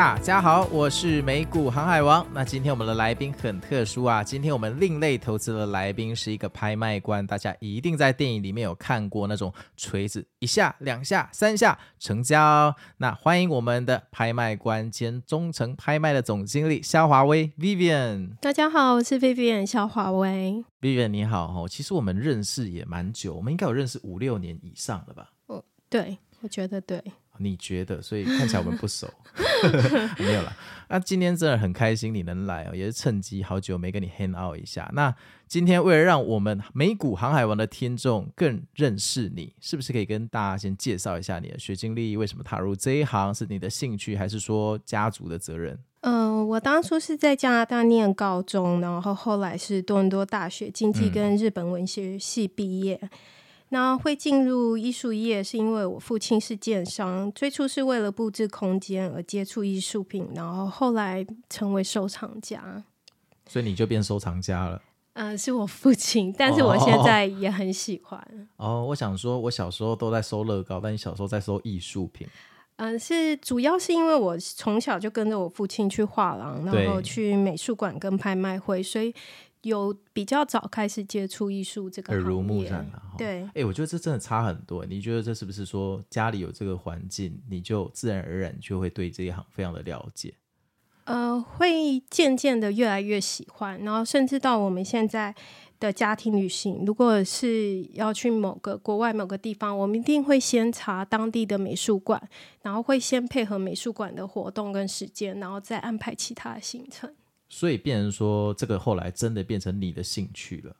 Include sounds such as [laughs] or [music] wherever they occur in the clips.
大家好，我是美股航海王。那今天我們的來賓很特殊啊！今天我們另類投資的來賓是一個拍賣官，大家一定在電影裡面有看過那種錘子一下、兩下、三下成交。那歡迎我們的拍賣官兼中誠拍賣的總經理肖華威 （Vivian）。大家好，我是 Vivian 肖華威。Vivian 你好哦，其實我們認識也蠻久，我們應該有認識五六年以上了吧？哦，對我覺得對。你覺得，所以看起來我們不熟， [laughs] [laughs] 沒有了。那今天真的很開心你能來，也是趁機好久沒跟你 hang out 一下。那今天為了讓我們美股航海王的聽眾更認識你，是不是可以跟大家先介紹一下你的學經歷？為什麼踏入這一行？是你的興趣，還是說家族的責任？嗯、呃，我當初是在加拿大念高中，然後後來是多倫多大學經濟跟日本文學系畢業。嗯那會進入藝術業，是因為我父親是建商。最初是為了布置空間而接觸藝術品，然後後來成為收藏家。所以你就變收藏家了？嗯、呃，是我父親，但是我現在也很喜歡。哦，哦，我想說，我小時候都在收樂高，但你小時候在收藝術品？嗯、呃，是主要是因為我從小就跟着我父親去畫廊，然後去美術館跟拍賣會，所以。有比較早開始接觸藝術這個，耳濡目染，對，哎、欸，我覺得這真的差很多。你覺得這是不是說家裡有這個環境，你就自然而然就會對這一行非常的了解？呃，會漸漸的越來越喜歡，然後甚至到我們現在的家庭旅行，如果是要去某個國外某個地方，我們一定會先查當地的美術館，然後會先配合美術館的活動跟時間，然後再安排其他的行程。所以變成說，這個後來真的變成你的興趣了。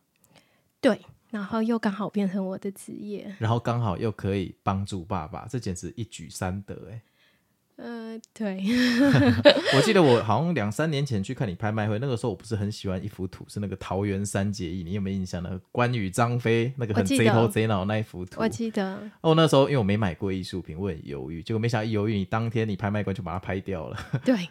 對，然後又剛好變成我的職業，然後剛好又可以幫助爸爸，這簡直一舉三得哎、欸。呃，對。 [laughs] [laughs] 我記得我好像兩三年前去看你拍賣會，那個時候我不是很喜歡一幅圖，是那個桃園三結義，你有沒有印象呢？關羽張、張飛那個很賊頭賊腦那一幅圖，我記得。哦，那時候因為我沒買過藝術品，我很猶豫，結果沒想到一猶豫，你當天你拍賣官就把它拍掉了。 [laughs] 對。 [laughs]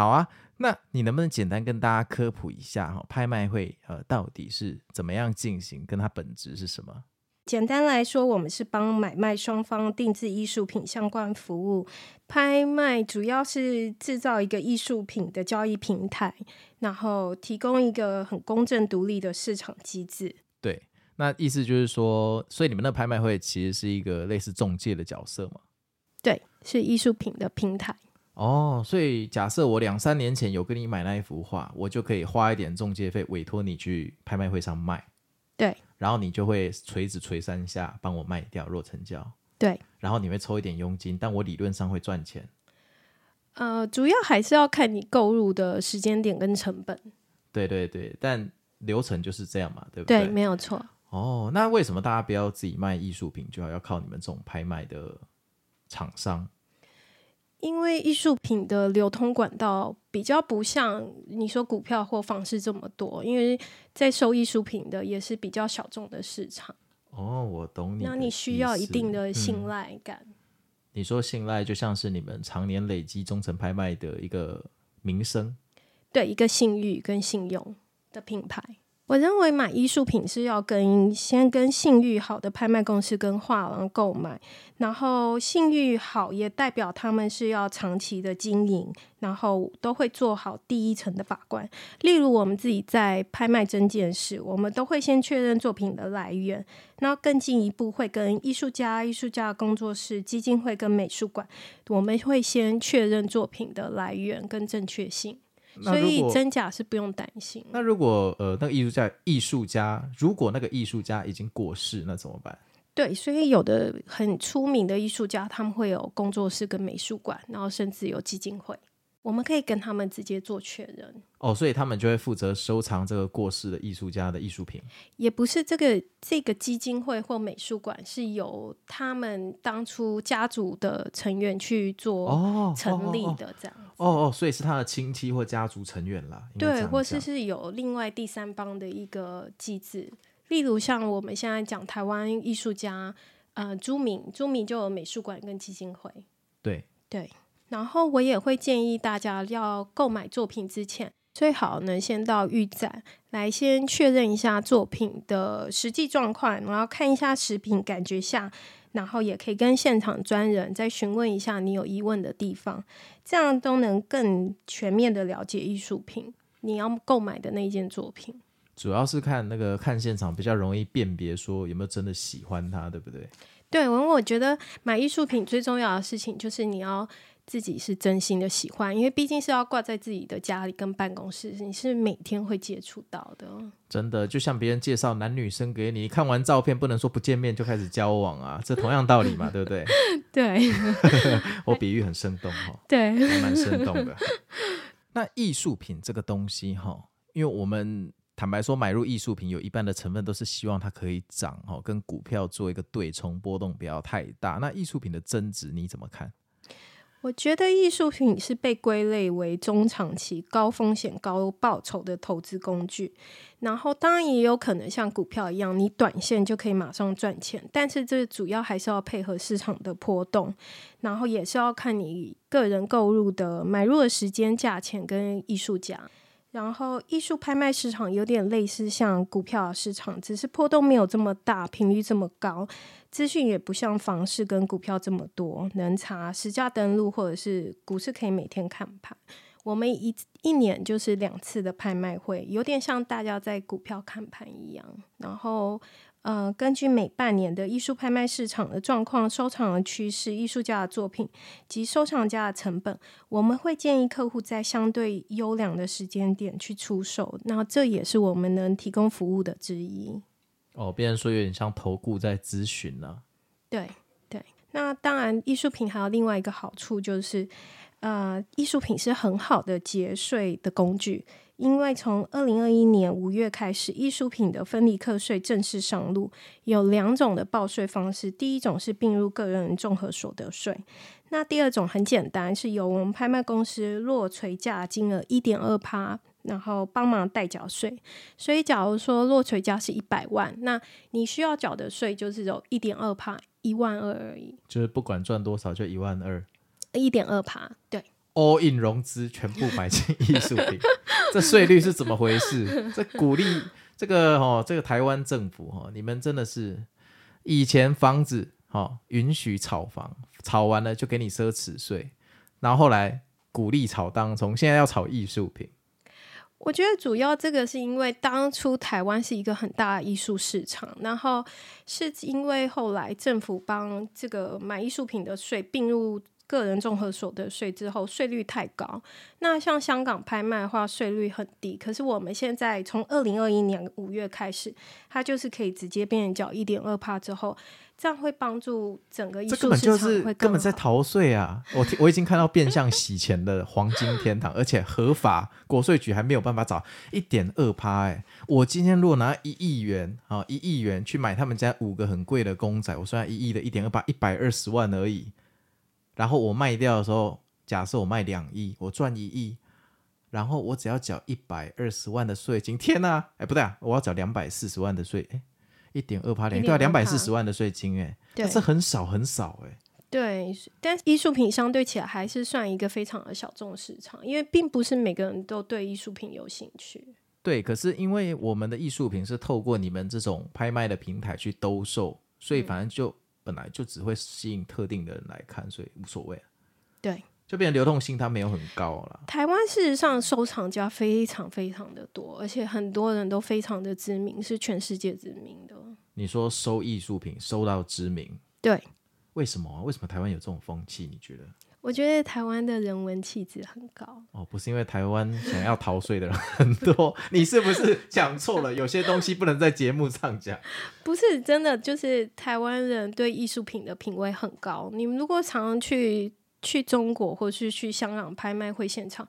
好啊，那你能不能簡單跟大家科普一下哈，拍賣會呃到底是怎麼樣進行，跟它本質是什麼？簡單來說，我們是幫買賣雙方定制藝術品相關服務。拍賣主要是制造一個藝術品的交易平台，然後提供一個很公正、獨立的市場機制。對，那意思就是說，所以你們的拍賣會其實是一個類似中介的角色嗎？對，是藝術品的平台。哦，所以假設我兩三年前有跟你買那一幅畫，我就可以花一點中介費委託你去拍賣會上賣，對，然後你就會錘子錘三下幫我賣掉，若成交，對，然後你會抽一點佣金，但我理論上會賺錢。呃，主要還是要看你購入的時間點跟成本。對對對，但流程就是這樣嘛，對不對？對，沒有錯。哦，那為什麼大家不要自己賣藝術品，就要要靠你們這種拍賣的廠商？因為藝術品的流通管道比較不像你說股票或房市這麼多，因為在收藝術品的也是比較小眾的市場。哦，我懂你。那你需要一定的信賴感。嗯，你說信賴，就像是你們常年累積中誠拍賣的一個名聲，對一個信譽跟信用的品牌。我認為買藝術品是要跟先跟信譽好的拍賣公司跟畫廊購買，然後信譽好也代表他們是要長期的經營，然後都會做好第一層的把關。例如我們自己在拍賣這件事，我們都會先確認作品的來源，那更進一步會跟藝術家、藝術家工作室、基金會跟美術館，我們會先確認作品的來源跟正確性。所以真假是不用擔心。那如果呃，那個藝術家藝術家，如果那個藝術家已經過世，那怎麼辦？對，所以有的很出名的藝術家，他們會有工作室跟美術館，然後甚至有基金會。我們可以跟他們直接做確認哦，所以他們就會負責收藏這個過世的藝術家的藝術品，也不是這個這個基金會或美術館是由他們當初家族的成員去做成立的這樣子。哦哦，哦，哦，所以是他的親戚或家族成員啦，對，或是是有另外第三方的一個機制，例如像我們現在講台灣藝術家，呃，朱銘，朱銘就有美術館跟基金會，對對。然後我也會建議大家，要購買作品之前，最好能先到預展來先確認一下作品的實際狀況，然後看一下實品感覺下，然後也可以跟現場專人再詢問一下你有疑問的地方，這樣都能更全面的了解藝術品你要購買的那件作品。主要是看那個看現場比較容易辨別，說有沒有真的喜歡它，對不對？對，我我覺得買藝術品最重要的事情就是你要。自己是真心的喜歡，因為畢竟是要掛在自己的家裡跟辦公室，你是每天會接觸到的。真的，就像別人介紹男女生給你，看完照片不能說不見面就開始交往啊，這同樣道理嘛， [laughs] 對不對？對， [laughs] 我比喻很生動哈、哦，對，蠻，蠻生動的。那藝術品這個東西哈、哦，因為我們坦白說，買入藝術品有一半的成分都是希望它可以漲哈，跟股票做一個對沖，波動不要太大。那藝術品的增值你怎麼看？我覺得藝術品是被歸類為中長期、高風險、高報酬的投資工具，然後當然也有可能像股票一樣，你短線就可以馬上賺錢，但是這主要還是要配合市場的波動，然後也是要看你個人購入的買入的時間、價錢跟藝術家，然後藝術拍賣市場有點類似像股票市場，只是波動沒有這麼大，頻率這麼高。資訊也不像房市跟股票這麼多，能查實價登錄或者是股市可以每天看盤。我們一一年就是兩次的拍賣會，有點像大家在股票看盤一樣。然後，嗯、呃，根據每半年的藝術拍賣市場的狀況、收藏的趨勢、藝術家的作品及收藏家的成本，我們會建議客戶在相對優良的時間點去出售。那這也是我們能提供服務的之一。哦，變成說有點像投顧在諮詢了。對對，那當然，藝術品還有另外一個好處就是，呃，藝術品是很好的節稅的工具。因為從二零二一年五月開始，藝術品的分離課稅正式上路，有兩種的報稅方式。第一種是併入個人綜合所得稅，那第二種很簡單，是由我們拍賣公司落槌價金額一點二趴。然後幫忙代繳稅，所以假如說落槌價是一百萬，那你需要繳的稅就是有一點二趴，一萬二而已。就是不管賺多少就一萬二，一點二趴對。All in 融資全部買進藝術品， [laughs] 這稅率是怎麼回事？ [laughs] 這鼓勵這個哦，這個臺灣政府哈、哦，你們真的是以前房子哈、哦、允許炒房，炒完了就給你奢侈稅，然後後來鼓勵炒當中現在要炒藝術品。我覺得主要這個是因為當初台灣是一個很大的藝術市場，然後是因為後來政府幫這個買藝術品的稅併入。個人綜合所得稅之後稅率太高，那像香港拍賣的話稅率很低。可是我們現在從二零二一年五月開始，它就是可以直接變成繳一點二趴之後，這樣會幫助整個藝術市場會根本，根本在逃稅啊！ [laughs] 我我已經看到變相洗錢的黃金天堂， [laughs] 而且合法國稅局還沒有辦法找一點二趴。哎、欸，我今天如果拿一億元啊一億元去買他們家五個很貴的公仔，我算然一億的一點二趴，一百二十萬而已。然後我賣掉的時候，假設我賣兩億，我賺一億，然後我只要繳一百二十萬的稅金，天哪！哎，不對啊，我要繳兩百四十萬的稅，一點二八零對、啊，對，兩百四十萬的稅金，哎，那是很少很少，哎，對，但是藝術品相對起來還是算一個非常的小眾市場，因為並不是每個人都對藝術品有興趣。對，可是因為我們的藝術品是透過你們這種拍賣的平台去兜售，所以反正就。嗯本來就只會吸引特定的人來看，所以無所謂。對，就變流動性，它沒有很高啦。台灣事實上收藏家非常非常的多，而且很多人都非常的知名，是全世界知名的。你說收藝術品收到知名，對，為什麼啊？為什麼台灣有這種風氣？你覺得？我覺得台灣的人文氣質很高。哦，不是因為台灣想要逃稅的人很多， [laughs] 你是不是講錯了？ [laughs] 有些東西不能在節目上講。不是真的，就是台灣人對藝術品的品味很高。你們如果常常去去中國或是去香港拍賣會現場。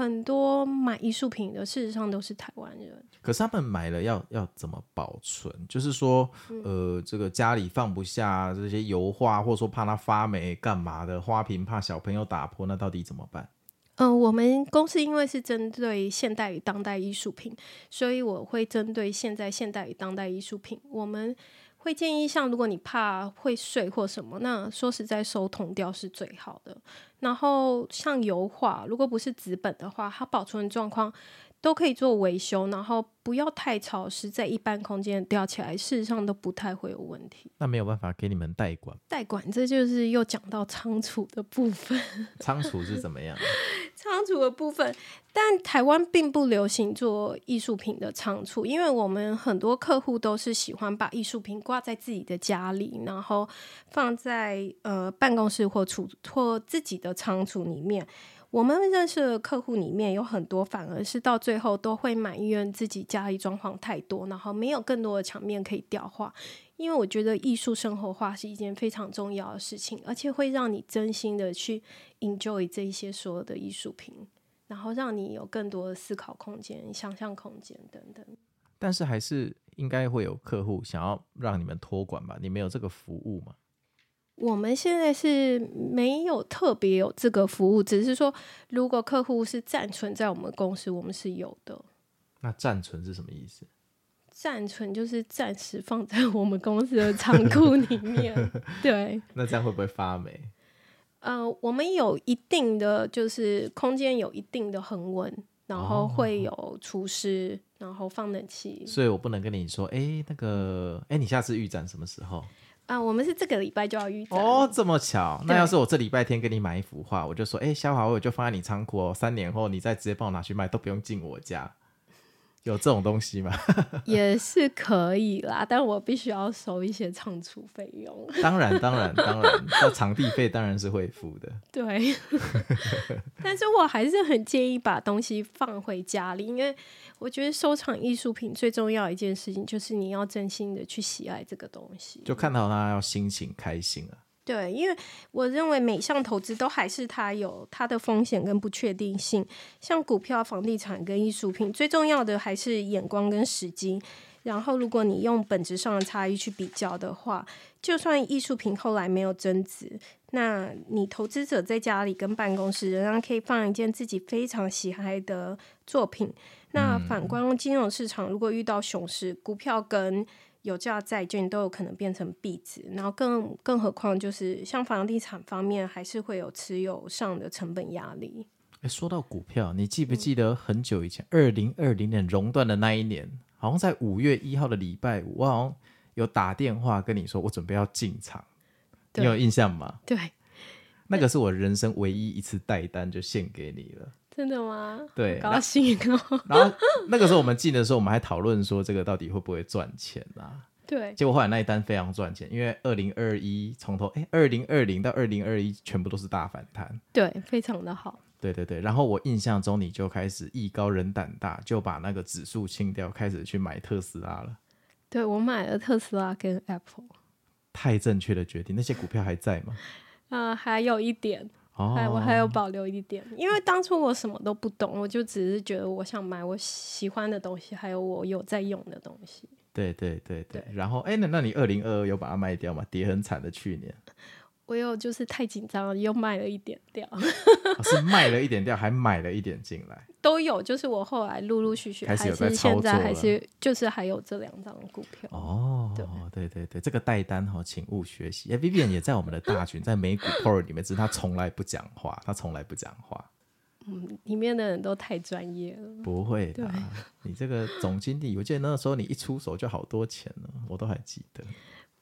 很多買藝術品的，事實上都是台灣人。可是他們買了要要怎麼保存？就是說，呃，這個家裡放不下這些油畫，或者說怕它發霉，幹嘛的花瓶怕小朋友打破，那到底怎麼辦？嗯、呃，我們公司因為是針對現代與當代藝術品，所以我會針對現在現代與當代藝術品，我們會建議像如果你怕會碎或什麼，那說實在收銅雕是最好的。然後像油畫，如果不是紙本的話，它保存狀況。都可以做維修，然後不要太潮濕，在一般空間吊起來，事實上都不太會有問題。那沒有辦法給你們代管？代管，這就是又講到倉儲的部分。倉 [laughs] 儲是怎麼樣？倉儲的部分，但台灣並不流行做藝術品的倉儲，因為我們很多客戶都是喜歡把藝術品掛在自己的家裡，然後放在呃辦公室或儲或自己的倉儲裡面。我們認識的客戶裡面有很多，反而是到最後都會埋怨自己家裡裝潢太多，然後沒有更多的牆面可以吊畫。因為我覺得藝術生活化是一件非常重要的事情，而且會讓你真心的去 enjoy 這一些所有的藝術品，然後讓你有更多的思考空間、想象空間等等。但是還是應該會有客戶想要讓你們托管吧？你們有這個服務嗎？我們現在是沒有特別有這個服務，只是說如果客戶是暫存在我們公司，我們是有的。那暫存是什麼意思？暫存就是暫時放在我們公司的倉庫裡面。 [laughs] 對，那這樣會不會發霉？呃，我們有一定的就是空間，有一定的恆溫，然後會有除濕、哦，然後放冷氣。所以我不能跟你說，哎、欸，那個，哎、欸，你下次預展什麼時候？啊，我們是這個禮拜就要預展哦，這麼巧？那要是我這禮拜天給你買一幅畫，我就說，哎、欸，肖華我就放在你倉庫哦，三年後你再直接幫我拿去賣，都不用進我家。有這種東西嗎？ [laughs] 也是可以啦，但我必須要收一些倉儲費用。當然，當然，當然，那 [laughs] 場地費當然是會付的。對，但是我還是很建議把東西放回家裡，因為我覺得收藏藝術品最重要一件事情就是你要真心的去喜愛這個東西，就看到它要心情開心了。對，因為我認為每項投資都還是它有它的風險跟不確定性，像股票、房地產跟藝術品，最重要的還是眼光跟時機。然後，如果你用本質上的差異去比較的話，就算藝術品後來沒有增值，那你投資者在家裡跟辦公室仍然可以放一件自己非常喜愛的作品。那反觀金融市場，如果遇到熊市，股票跟有價債券都有可能變成幣值，然後更更何況就是像房地產方面，還是會有持有上的成本壓力。哎、欸，說到股票，你記不記得很久以前，二零二零年熔斷的那一年，好像在五月一號的禮拜五，我好像有打電話跟你說，我準備要進場，你有印象嗎？對，那個是我人生唯一一次帶單，就獻給你了。真的嗎？對，好高興喔。然後， [laughs] 然後那個時候我們進的時候，我們還討論說這個到底會不會賺錢啊？對。結果後來那一單非常賺錢，因為二零二一從頭哎，二零二零到二零二一全部都是大反彈。對，非常的好。對對對。然後我印象中你就開始藝高人膽大，就把那個指數清掉，開始去買特斯拉了。對，我買了特斯拉跟 Apple。太正確的決定。那些股票還在嗎？啊 [laughs] 呃，還有一點。哦、我還有保留一點，因為當初我什麼都不懂，我就只是覺得我想買我喜歡的東西，還有我有在用的東西。對對對對，對，然後誒、欸，那那你二零二二有把它賣掉嗎？跌很慘的去年。我又就是太緊張了，又賣了一點掉 [laughs] 、哦，是賣了一點掉，還買了一點進來，都有。就是我後來陸陸續續、嗯、開始有在操作，還是，還是就是還有這兩張股票。哦，對對對對，這個帶單哈，哦，請勿學習。哎、欸，Vivian 也在我們的大群， [laughs] 在美股 Port 裡面，只是他從來不講話，他從來不講話。嗯，裡面的人都太專業了，不會的、啊。你這個總經理，我記得那時候你一出手就好多錢了，我都還記得。 [laughs]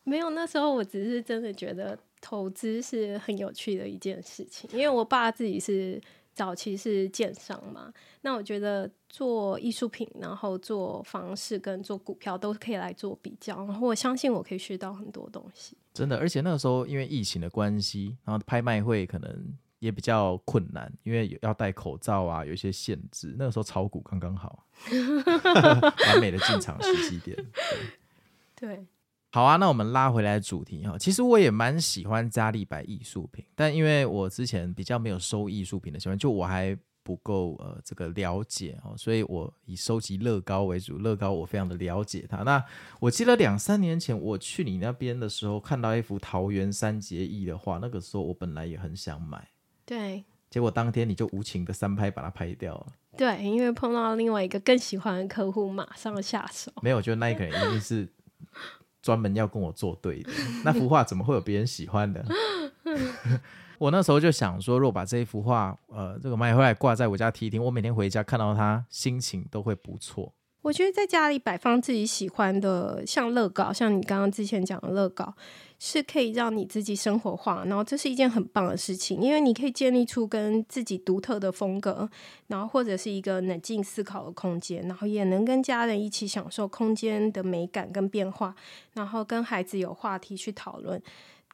沒有，那時候我只是真的覺得。投資是很有趣的一件事情，因為我爸自己是早期是建商嘛，那我覺得做藝術品，然後做房市跟做股票都可以來做比較，然後我相信我可以學到很多東西。真的，而且那個時候因為疫情的關係，然後拍賣會可能也比較困難，因為要戴口罩啊，有一些限制。那個時候炒股剛剛好， [laughs] 完美的進場時機 [laughs] 點。對。對好啊，那我們拉回來主題哈。其實我也蠻喜歡家裡擺藝術品，但因為我之前比較沒有收藝術品的習慣，就我還不夠呃這個了解哦，所以我以收集樂高為主。樂高我非常的了解它。那我記得兩三年前我去你那邊的時候，看到一幅《桃園三結義》的畫，那個時候我本來也很想買，對，結果當天你就無情的三拍把它拍掉了。對，因為碰到另外一個更喜歡的客戶，馬上下手。沒有，我覺得那一個人一定是。 [laughs] 專門要跟我作對的那幅畫，怎麼會有別人喜歡的？ [laughs] [laughs] 我那時候就想說，如果把這一幅畫，呃，這個買回來掛在我家梯廳，我每天回家看到它，心情都會不錯。我覺得在家裡擺放自己喜歡的，像樂高，像你剛剛之前講的樂高，是可以讓你自己生活化，然後這是一件很棒的事情，因為你可以建立出跟自己獨特的風格，然後或者是一個冷靜思考的空間，然後也能跟家人一起享受空間的美感跟變化，然後跟孩子有話題去討論，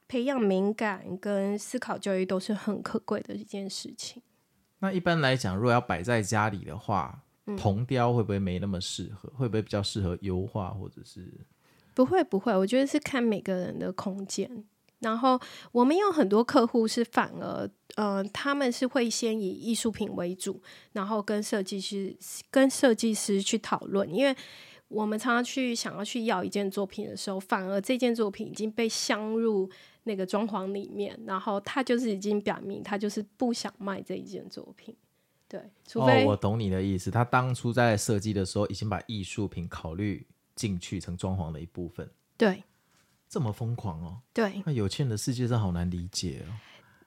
培養敏感跟思考教育都是很可貴的一件事情。那一般來講，如果要擺在家裡的話。銅雕會不會沒那麼適合？嗯？會不會比較適合油畫？或者是不會不會？我覺得是看每個人的空間。然後我們有很多客戶是反而，嗯、呃，他們是會先以藝術品為主，然後跟設計師跟設計師去討論。因為我們常常去想要去要一件作品的時候，反而這件作品已經被鑲入那個裝潢裡面，然後他就是已經表明他就是不想賣這一件作品。對除、哦，我懂你的意思。他當初在設計的時候，已經把藝術品考慮進去，成裝潢的一部分。對，這麼瘋狂哦。對，那有錢人的世界真好難理解哦。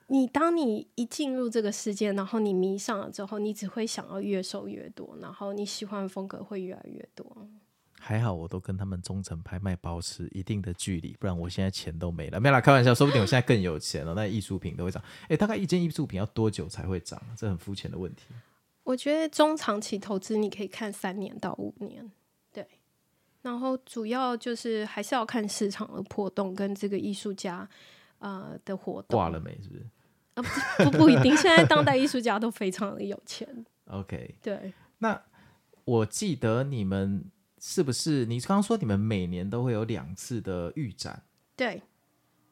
你當你一進入這個世界，然後你迷上了之後，你只會想要越收越多，然後你喜歡的風格會越來越多。還好，我都跟他們中誠拍賣保持一定的距離，不然我現在錢都沒了。沒啦，開玩笑，說不定我現在更有錢了、喔。那藝術品都會漲，哎、欸，大概一件藝術品要多久才會漲？這很膚淺的問題。我覺得中長期投資，你可以看三年到五年，對。然後主要就是還是要看市場的波動跟這個藝術家啊、呃、的活動。掛了沒？是不是？啊不不不一定， [laughs] 現在當代藝術家都非常的有錢。OK，對。那我記得你們。是不是你剛剛說你們每年都會有兩次的預展？對，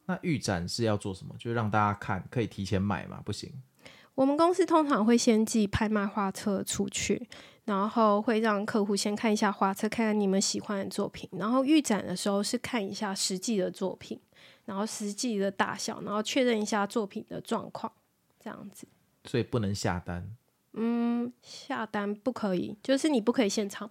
那預展是要做什麼？就讓大家看，可以提前買嗎？不行。我們公司通常會先寄拍賣畫冊出去，然後會讓客戶先看一下畫冊，看看你們喜歡的作品。然後預展的時候是看一下實際的作品，然後實際的大小，然後確認一下作品的狀況，這樣子。所以不能下單？嗯，下單不可以，就是你不可以現場。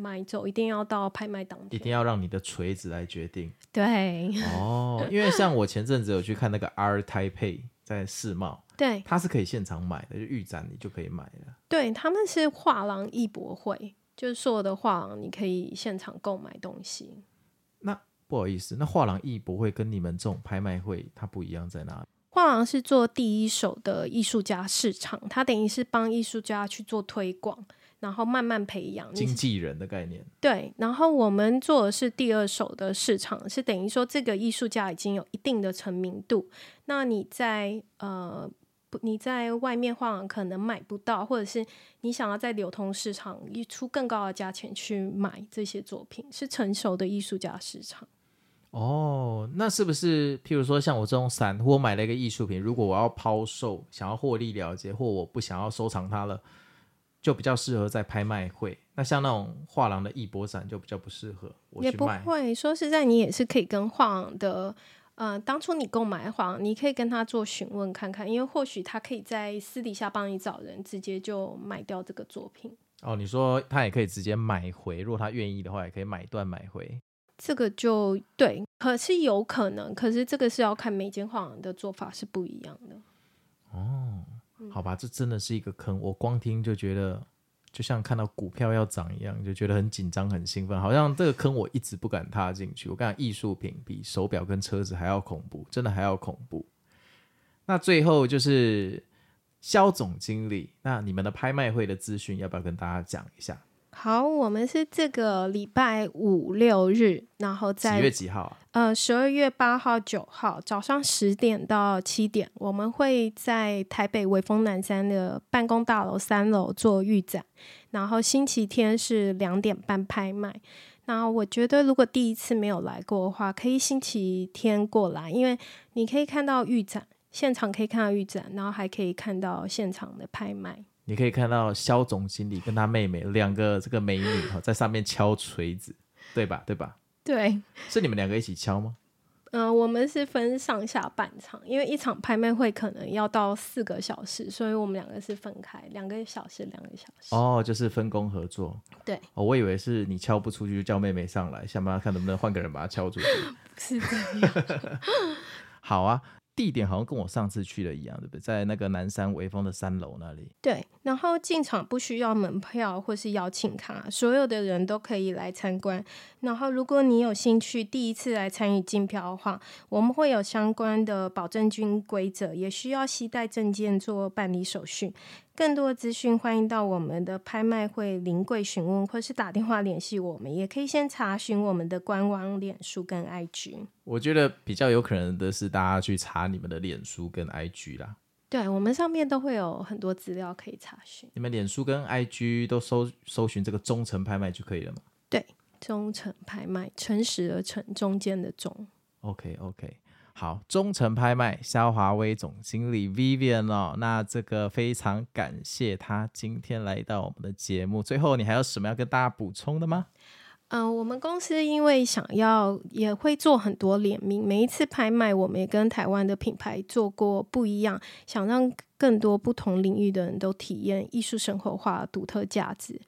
買走一定要到拍賣當中，一定要讓你的錘子來決定。對，哦， [laughs] 因為像我前陣子有去看那個 Art Taipei 在世貿，對，他是可以現場買的，就預展你就可以買了。對，他們是畫廊藝博會，就是說的話，你可以現場購買東西。那不好意思，那畫廊藝博會跟你們這種拍賣會，它不一樣在哪裡？畫廊是做第一手的藝術家市場，它等於是幫藝術家去做推廣。然後慢慢培養經紀人的概念。對，然後我們做的是第二手的市場，是等於說這個藝術家已經有一定的成名度。那你在呃，你在外面畫可能買不到，或者是你想要在流通市場以出更高的價錢去買這些作品，是成熟的藝術家市場。哦，那是不是譬如說像我這種散戶我買了一個藝術品，如果我要拋售，想要獲利了結，或我不想要收藏它了？就比較適合在拍賣會，那像那種畫廊的藝博展，就比較不適合我也不會說實在，你也是可以跟畫廊的，呃，當初你購買畫廊，你可以跟他做詢問看看，因為或許他可以在私底下幫你找人，直接就買掉這個作品。哦，你說他也可以直接買回，如果他願意的話，也可以買斷買回。這個就對，可是有可能，可是這個是要看每間畫廊的做法是不一樣的。哦。好吧，這真的是一個坑，我光聽就覺得，就像看到股票要漲一樣，就覺得很緊張、很興奮，好像這個坑我一直不敢踏進去。我跟你講藝術品比手表跟車子還要恐怖，真的還要恐怖。那最後就是肖總經理，那你們的拍賣會的資訊要不要跟大家講一下？好，我們是這個禮拜五六日，然後在幾月幾號啊？呃，十二月八號、九號早上十點到七點，我們會在台北微風南山的辦公大樓三樓做預展，然後星期天是兩點半拍賣。那我覺得，如果第一次沒有來過的話，可以星期天過來，因為你可以看到預展，現場可以看到預展，然後還可以看到現場的拍賣。你可以看到肖總經理跟他妹妹兩個這個美女哈在上面敲錘子，對吧？對吧？對，是你們兩個一起敲嗎？嗯、呃，我們是分上下半場，因為一場拍賣會可能要到四個小時，所以我們兩個是分開兩個小時，兩個小時。哦，就是分工合作。對。哦，我以為是你敲不出去，就叫妹妹上來，想辦法看能不能換個人把它敲出去。 [laughs] 不是這樣， [laughs] [laughs] 好啊。地點好像跟我上次去的一樣，對不對？在那個南山微風的三樓那裡。對，然後進場不需要門票或是邀請卡，所有的人都可以來參觀。然後，如果你有興趣第一次來參與競標的話，我們會有相關的保證金規則，也需要攜帶證件做辦理手續。更多的資訊，歡迎到我們的拍賣會臨櫃詢問，或是打電話聯繫我們，也可以先查詢我們的官網、臉書跟 IG。我覺得比較有可能的是，大家去查你們的臉書跟 IG 啦。對，我們上面都會有很多資料可以查詢。你們臉書跟 IG 都搜搜尋這個中誠拍賣就可以了嗎？對，中誠拍賣，誠實的誠，中間的中。OK，OK、okay, okay.。好，中誠拍賣蕭華威總經理 Vivian 哦，那這個非常感謝她今天來到我們的節目。最後，你還有什麼要跟大家補充的嗎？嗯、呃，我們公司因為想要也會做很多聯名，每一次拍賣，我們也跟台灣的品牌做過不一樣，想讓更多不同領域的人都體驗藝術生活化獨特價值。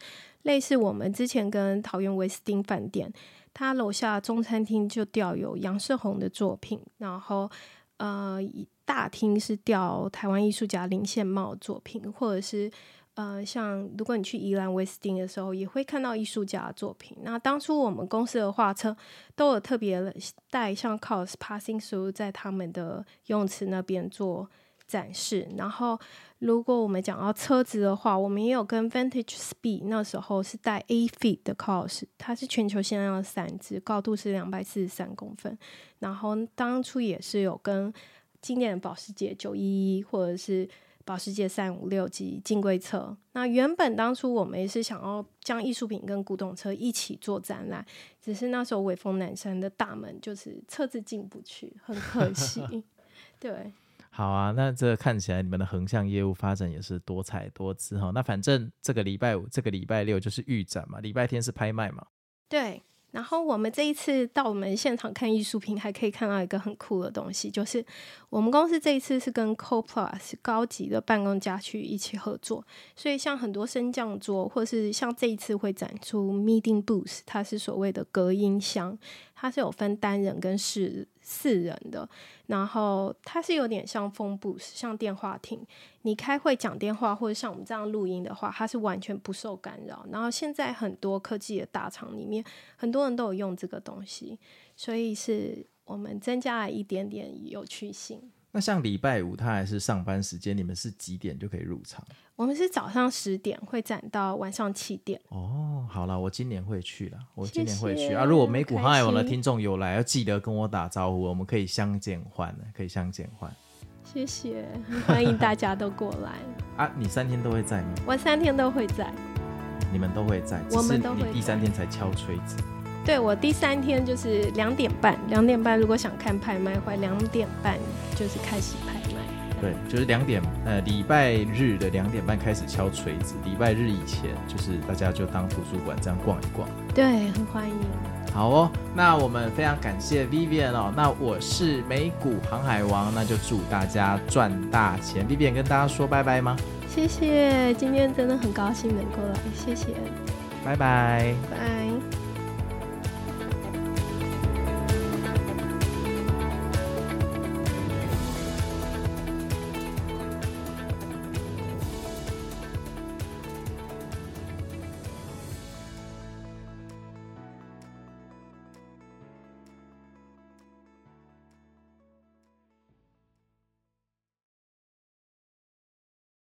類似我們之前跟桃園威斯汀飯店，它樓下中餐廳就吊有楊世宏的作品，然後呃大廳是吊台灣藝術家林憲茂作品，或者是。呃，像如果你去宜蘭威斯汀的時候，也會看到藝術家的作品。那當初我們公司的畫車都有特別帶像 KAWS passing through” 在他們的游泳池那邊做展示。然後，如果我們講到車子的話，我們也有跟 Vintage Speed 那時候是帶8 feet 的 KAWS，它是全球限量三隻，高度是兩百四十三公分。然後當初也是有跟經典的保時捷九一一，或者是。保時捷三五六及金龜車，那原本當初我們也是想要將藝術品跟古董車一起做展覽，只是那時候微風南山的大門就是車子進不去，很可惜。 [laughs] 對，好啊，那這個看起來你們的橫向業務發展也是多彩多姿哈。那反正這個禮拜五、這個禮拜六就是預展嘛，禮拜天是拍賣嘛。對。然後我們這一次到我們現場看藝術品，還可以看到一個很酷的東西，就是我們公司這一次是跟 CoPlus 高級的辦公家具一起合作，所以像很多升降桌，或是像這一次會展出 Meeting Booth，它是所謂的隔音箱，它是有分單人跟室。四人的，然後它是有點像風布，像電話亭。你開會講電話或者像我們這樣錄音的話，它是完全不受干擾。然後現在很多科技的大廠裡面，很多人都有用這個東西，所以是我們增加了一點點有趣性。像禮拜五，它還是上班時間，你們是幾點就可以入場？我們是早上十點會展到晚上七點。哦，好了，我今年會去了，我今年會去，謝謝啊！如果美股航海王的聽眾有來，要記得跟我打招呼，我們可以相見歡，可以相見歡。謝謝，歡迎大家都過來 [laughs] 啊！你三天都會在嗎？我三天都會在，你們都會在，我們都會在，只是，你第三天才敲錘子。對我第三天就是兩點半，兩點半如果想看拍賣，或兩點半就是開始拍賣對。對，就是兩點，呃，禮拜日的兩點半開始敲錘子。禮拜日以前，就是大家就當圖書館這樣逛一逛。對，很歡迎。好哦，那我們非常感謝 Vivian 哦，那我是美股航海王，那就祝大家賺大錢。Vivian 跟大家說拜拜嗎？謝謝，今天真的很高興能夠來，謝謝。拜拜，拜，拜。